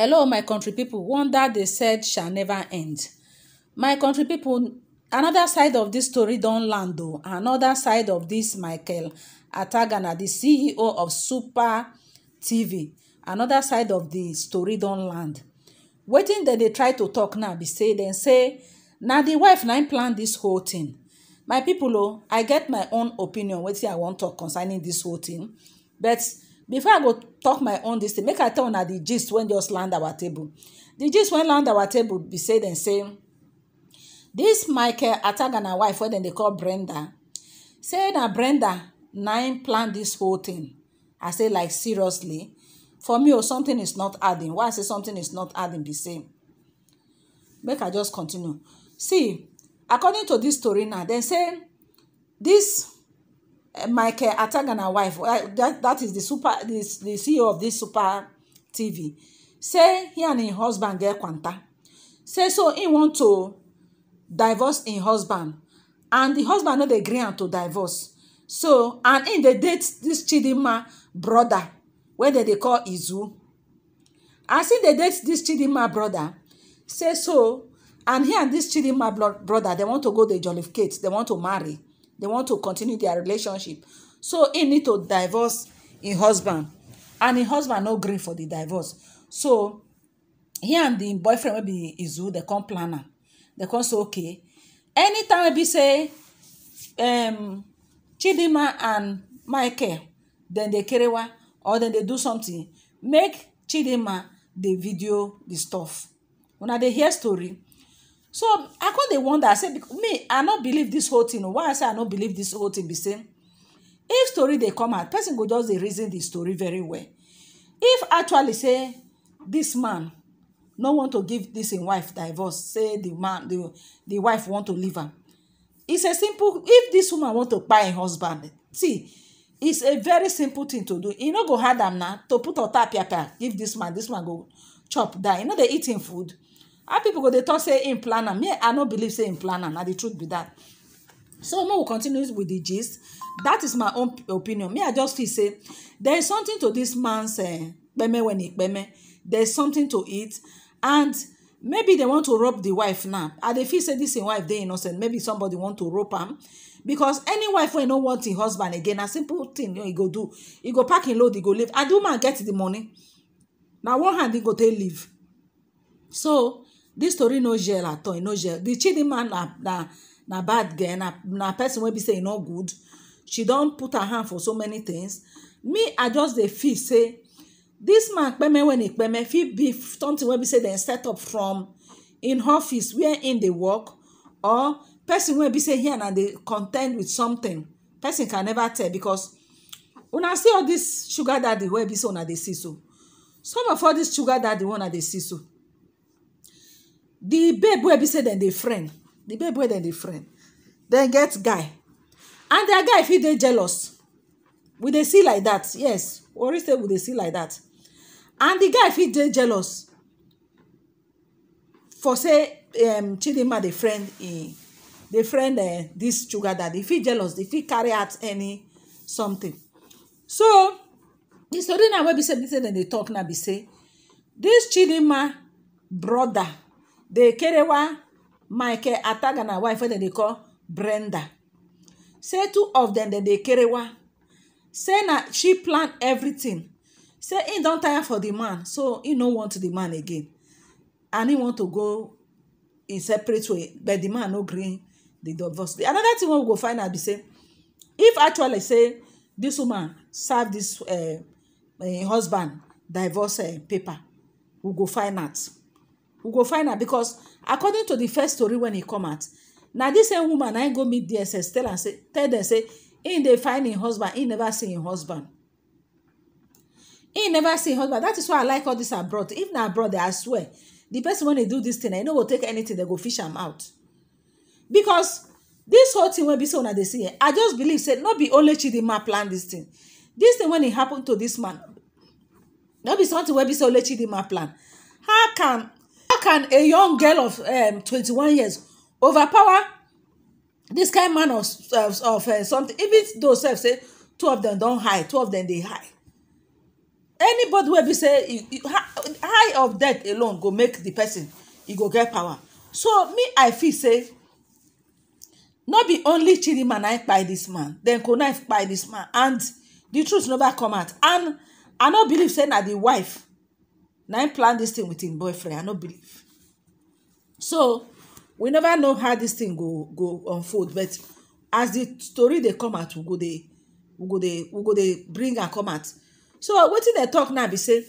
hello my country people wonder they said shall never end my country people another side of this story don't land though. another side of this michael atagana the ceo of super tv another side of the story don't land Waiting that they try to talk now be say dem say now the wife na im plan this whole thing my people oh, i get my own opinion wetin i want to talk concerning this whole thing but before i go talk my own dis thing make i tell una the gist when just land our table The gist when land our table be say dem say dis michael ataga na wife wey dem dey call brenda say na brenda na im plan this whole thing i say like seriously for me o oh, something is not adding why i say something is not adding be say make i just continue see according to this story now dem say this. Eh, Michael Atang and her wife, eh, that, that is the super the, the CEO of this super TV, say he and his husband get quanta. Say so he want to divorce his husband and the husband not agree gree to divorce. So and in the date this Chidinma brother where dem they call Izu. I see the date this Chidinma brother, say so and he and this Chidinma brother they want to go dey jollificate, They want to marry they want to continue their relationship so he need to divorce his husband and his husband no gree for the divorce so he and the boyfriend wey be izu dey come plan am dey come say okay anytime wey be say um, Chidima and michael dem dey kerewa or dem dey do something make Chidima dey video the stuff una dey hear story so i con dey wonder say me i no believe this whole thing why i say i no believe this whole thing be say if story dey come out person go just dey reason the story very well if actually say this man no want to give this im wife divorce say the man the the wife want to leave am it's a simple if this woman want to kpai im husband see it's a very simple thing to do e no go hard am na to put otapiapia give this man this man go chop die e no dey eat im food how people go they talk say im plan me i no believe say im plan am the truth be that so make we continue with the gist that is my own opinion me i just feel say there is something to this man's eh, kpeme when he kpeme there is something to it and maybe they want to rob the wife now i dey feel say this in wife they innocent maybe somebody want to rob him because any wife wey no want im husband again a simple thing you know, e go do e go pack and load e go leave and the woman get the money now one hand e go take leave so This story no gel at all e no gel The chidinma na na na bad girl na na person wey be say e no good she don put her hand for so many things me i just dey feel say this man kpeme wey e kpeme fit be something wey be say dem set up from in office where im dey work or person wey be say here na dey contend with something person can never tell because una see all this sugar daddy wey be say una dey see so some of all this sugar daddy wey una dey see so the babe wey be say dem dey friend the babe wey dem dey friend dem get guy and their guy fit dey jealous we dey see like that yes Warri State we dey see like that and the guy fit dey jealous for say um, Chidinma dey friend im dey friend uh, this sugar daddy fit jealous dey fit carry out any something so the story now wey be say be say dem dey talk now be say this Chidinma brother dey kerewa michael eh, ataga na wife wey dem dey call brenda say two of dem dem dey kerewa say na she plan everything say he don tire for the man so he no want the man again and he want to go in separate way but the man no gree the divorce another thing wey we go find out be say if actually say this woman serve this uh, husband divorce uh, paper we go find out we go find out because according to the first story when he come out na this same woman na go meet dss tell say tell dem say im dey find im husband he never see im husband he never see im husband that is why i like all dis abroad if na abroad i swear the person wey dey do this thing I no go take anything dem go fish am out because this whole thing wey be so una dey see i just believe say no be only chidinma plan this thing This thing when e happen to this man no be something wey be say only chidinma plan how can how can a young girl of um, 21 years overpower this kind of man of, of, of uh, something even though self say two of them don high two of them dey high anybody wey be say high of death alone go make the person e go get power so me i feel say not be only chidinma na kpai this man Then connive kpai this man and the truth never come out and i no believe saying that the wife Now him plan this thing with him boyfriend i no believe so we never know how this thing go go unfold but as the story they come out we go they, we go they, we go they bring and come out so wetin dem talk now be say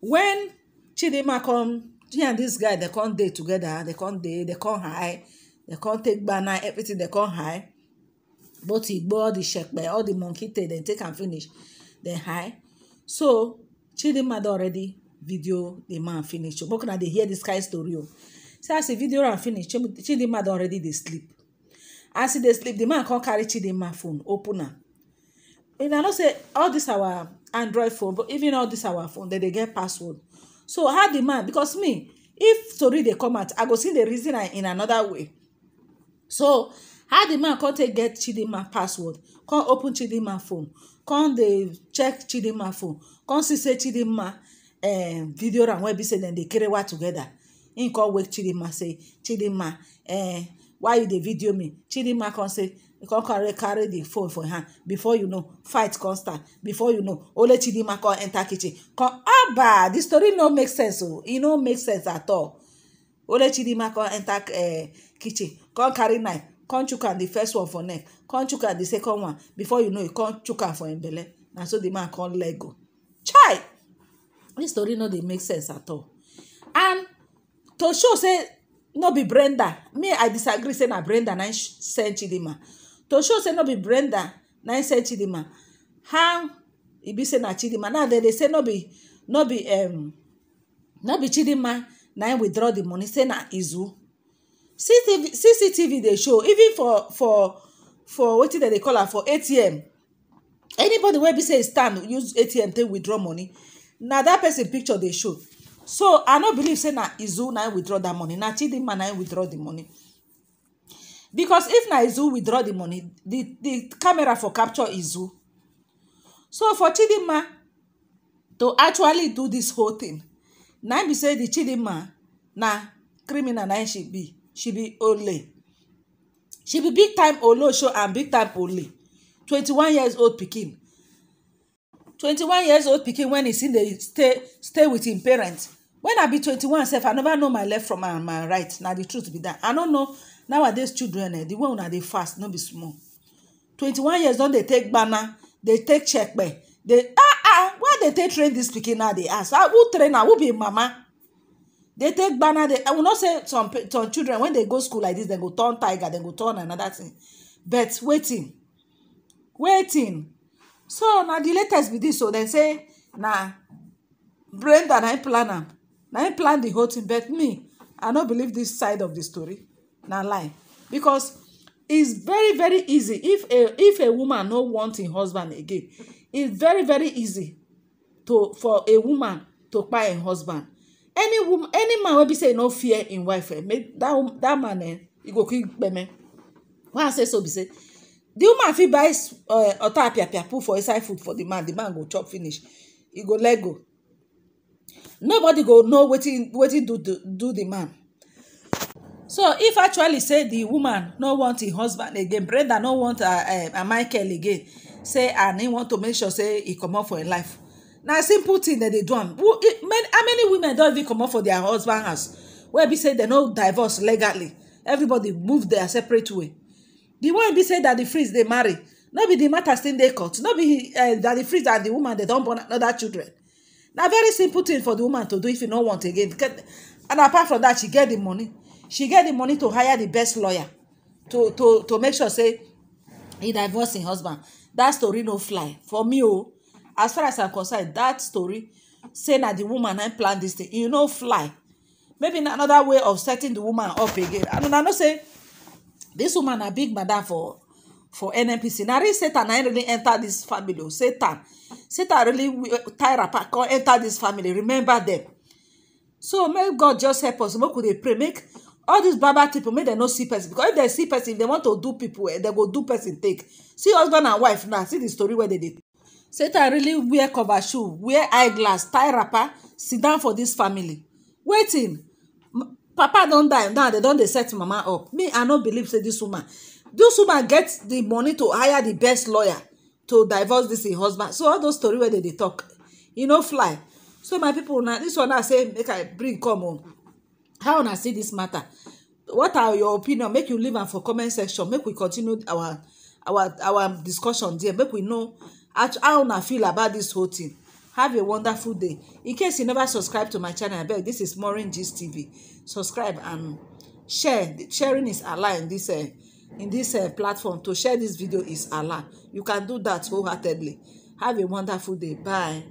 wen chidinma come he and this guy they come dey together They come dey They come high They come take banana. everything they come high But he bought the check by all the monkey tail dem take and finish they high so chidinma don already video the man finish But boku I dey hear this kind story o say as the video am finish chidinma don already dey sleep as e dey sleep the man come carry chidinma phone open am and i know say all this our android phone but even all this our phone dem dey get password so how the man because me if tori dey come out i go see the reason am in another way so how the man come take get chidinma password come open chidinma phone come dey check chidinma phone come see say chidinma um, video am wey be say dem dey kerewa together him call wake chidinma say chidinma um, why you dey video me chidinma come say come carry carry the phone for hand before you know fight come start before you know only chidinma come enter kitchen come aba the story no make sense o e no make sense at all only chidinma come enter uh, kitchen come carry knife come chook am the first one for neck come chook am the second one before you know e come chook am for im belle na so the man come let go chai This story no dey make sense at all and to show say no be brenda me i disagree say na brenda na send chidima. to show say no be brenda na send chidima. how e be say na chidima? now they dey say no be no be um, no be chidima na im withdraw the money say na izu cctv cctv dey show even for for for wetin dem dey call am for atm anybody wey be say e stand use atm take withdraw money na that person picture dey show so i no believe say na izu na withdraw that money na chidinma na withdraw the money because if na izu withdraw the money the the camera for capture izu so for chidinma to actually do this whole thing na be say di chidinma na criminal na she be she be ole she be big time olosho and big time ole one years old pikin twenty-one years old pikin when e still dey stay stay with him parents when i be twenty-one sef i never know my left from my, my right na the truth be that i no know nowadays children eh the way una dey fast no be small twenty-one years don dey take gbana dey take chepe dey ah ah why dey take train this pikin na dey ask ah who train am who be mama dey take gbana dey i not say some some children when they go school like this dem go turn tiger dem go turn another thing but wetin wetin so na the latest be dis so dem say na brenda na im plan am na im plan the whole thing but me i no believe this side of the story na lie because it's very very easy if a if a woman no want im husband again it's very very easy to for a woman to kpai im husband any woman any man wey be say e no fear im wife eh make that that man eh he go quick kpeme why i say so be say the woman fit buy uh, ota apiapia put for inside food for the man the man go chop finish e go let go nobody go know wetin wetin do, do do the man so if actually say the woman no want im husband again brenda no want her uh, uh, michael again say and im want to make sure say e comot for im life na simple thing dem dey do am e, how many women don even comot for their husband house wey be say dem no divorce legally everybody move their separate way the one be say that the freeze dey marry no be the matter still dey cut no be eh, that the freeze and the woman dem don born another children na very simple thing for the woman to do if you no want again and apart from that she get the money she get the money to hire the best lawyer to to to make sure say he divorce him husband that story no fly for me o oh, as far as i'm concerned that story say na the woman I plan this thing e no fly maybe na another way of setting the woman up again and una know say This woman na big madam for for nnpc na real satan na really enter this family o oh, satan satan really uh, tie wrapper come enter this family remember them. so may god just help us make we dey pray make all these barber people? make dem no see person because if they see person if they want to do people, eh, they go do person take see husband and wife now see the story where they dey satan really wear cover shoe wear eye glass tie wrapper sit down for this family Waiting. papa don't don't die now don't. They set mama up me i no believe say this woman This woman gets the money to hire the best lawyer to divorce this husband so all those story where they talk you no fly so my people now, this one I say make i bring come how I see this matter what are your opinion make you leave and for comment section make we continue our our our discussion there make we know how I feel about this whole thing. have a wonderful day in case you never subscribe to my channel abeg this is maureen gist tv subscribe and share sharing is allah in this uh, in this uh, platform to share this video is allah you can do that wholeheartedly have a wonderful day bye